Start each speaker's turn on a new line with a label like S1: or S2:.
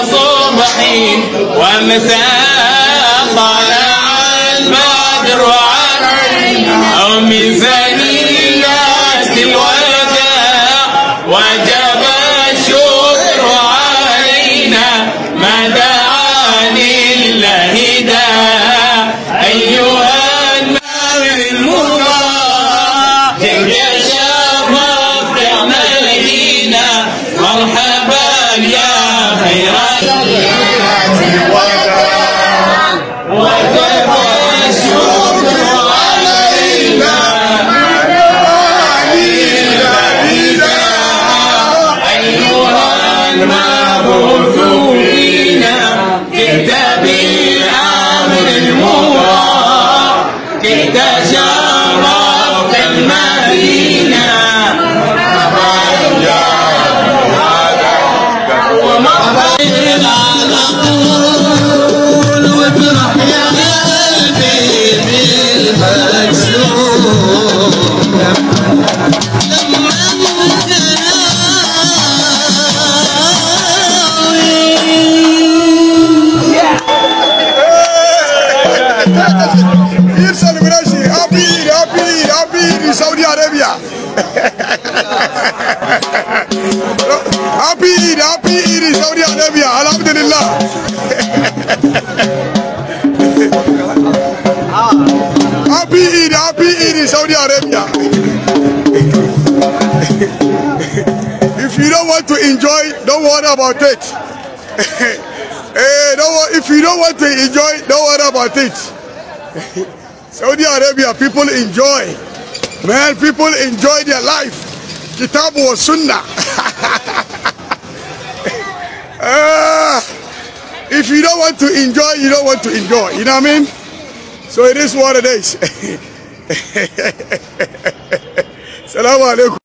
S1: صبحين صبح ومساء طلع البدر علينا أو من ثنيات الوداع وجاء تشرفت المدينة على طول وافرح يا قلبي بالمكسور That's Eid celebration. Happy Eid, happy Eid, happy Eid in Saudi Arabia. happy Eid, happy Eid in Saudi Arabia. Alhamdulillah. happy Eid, happy Eid in Saudi Arabia. if you don't want to enjoy, don't worry about it. Hey, eh, don't, if you don't want to enjoy, don't worry about it. Saudi Arabia, people enjoy. Man, people enjoy their life. Kitabu or Sunnah. uh, if you don't want to enjoy, you don't want to enjoy. You know what I mean? So it is what it is. Salaam alaikum.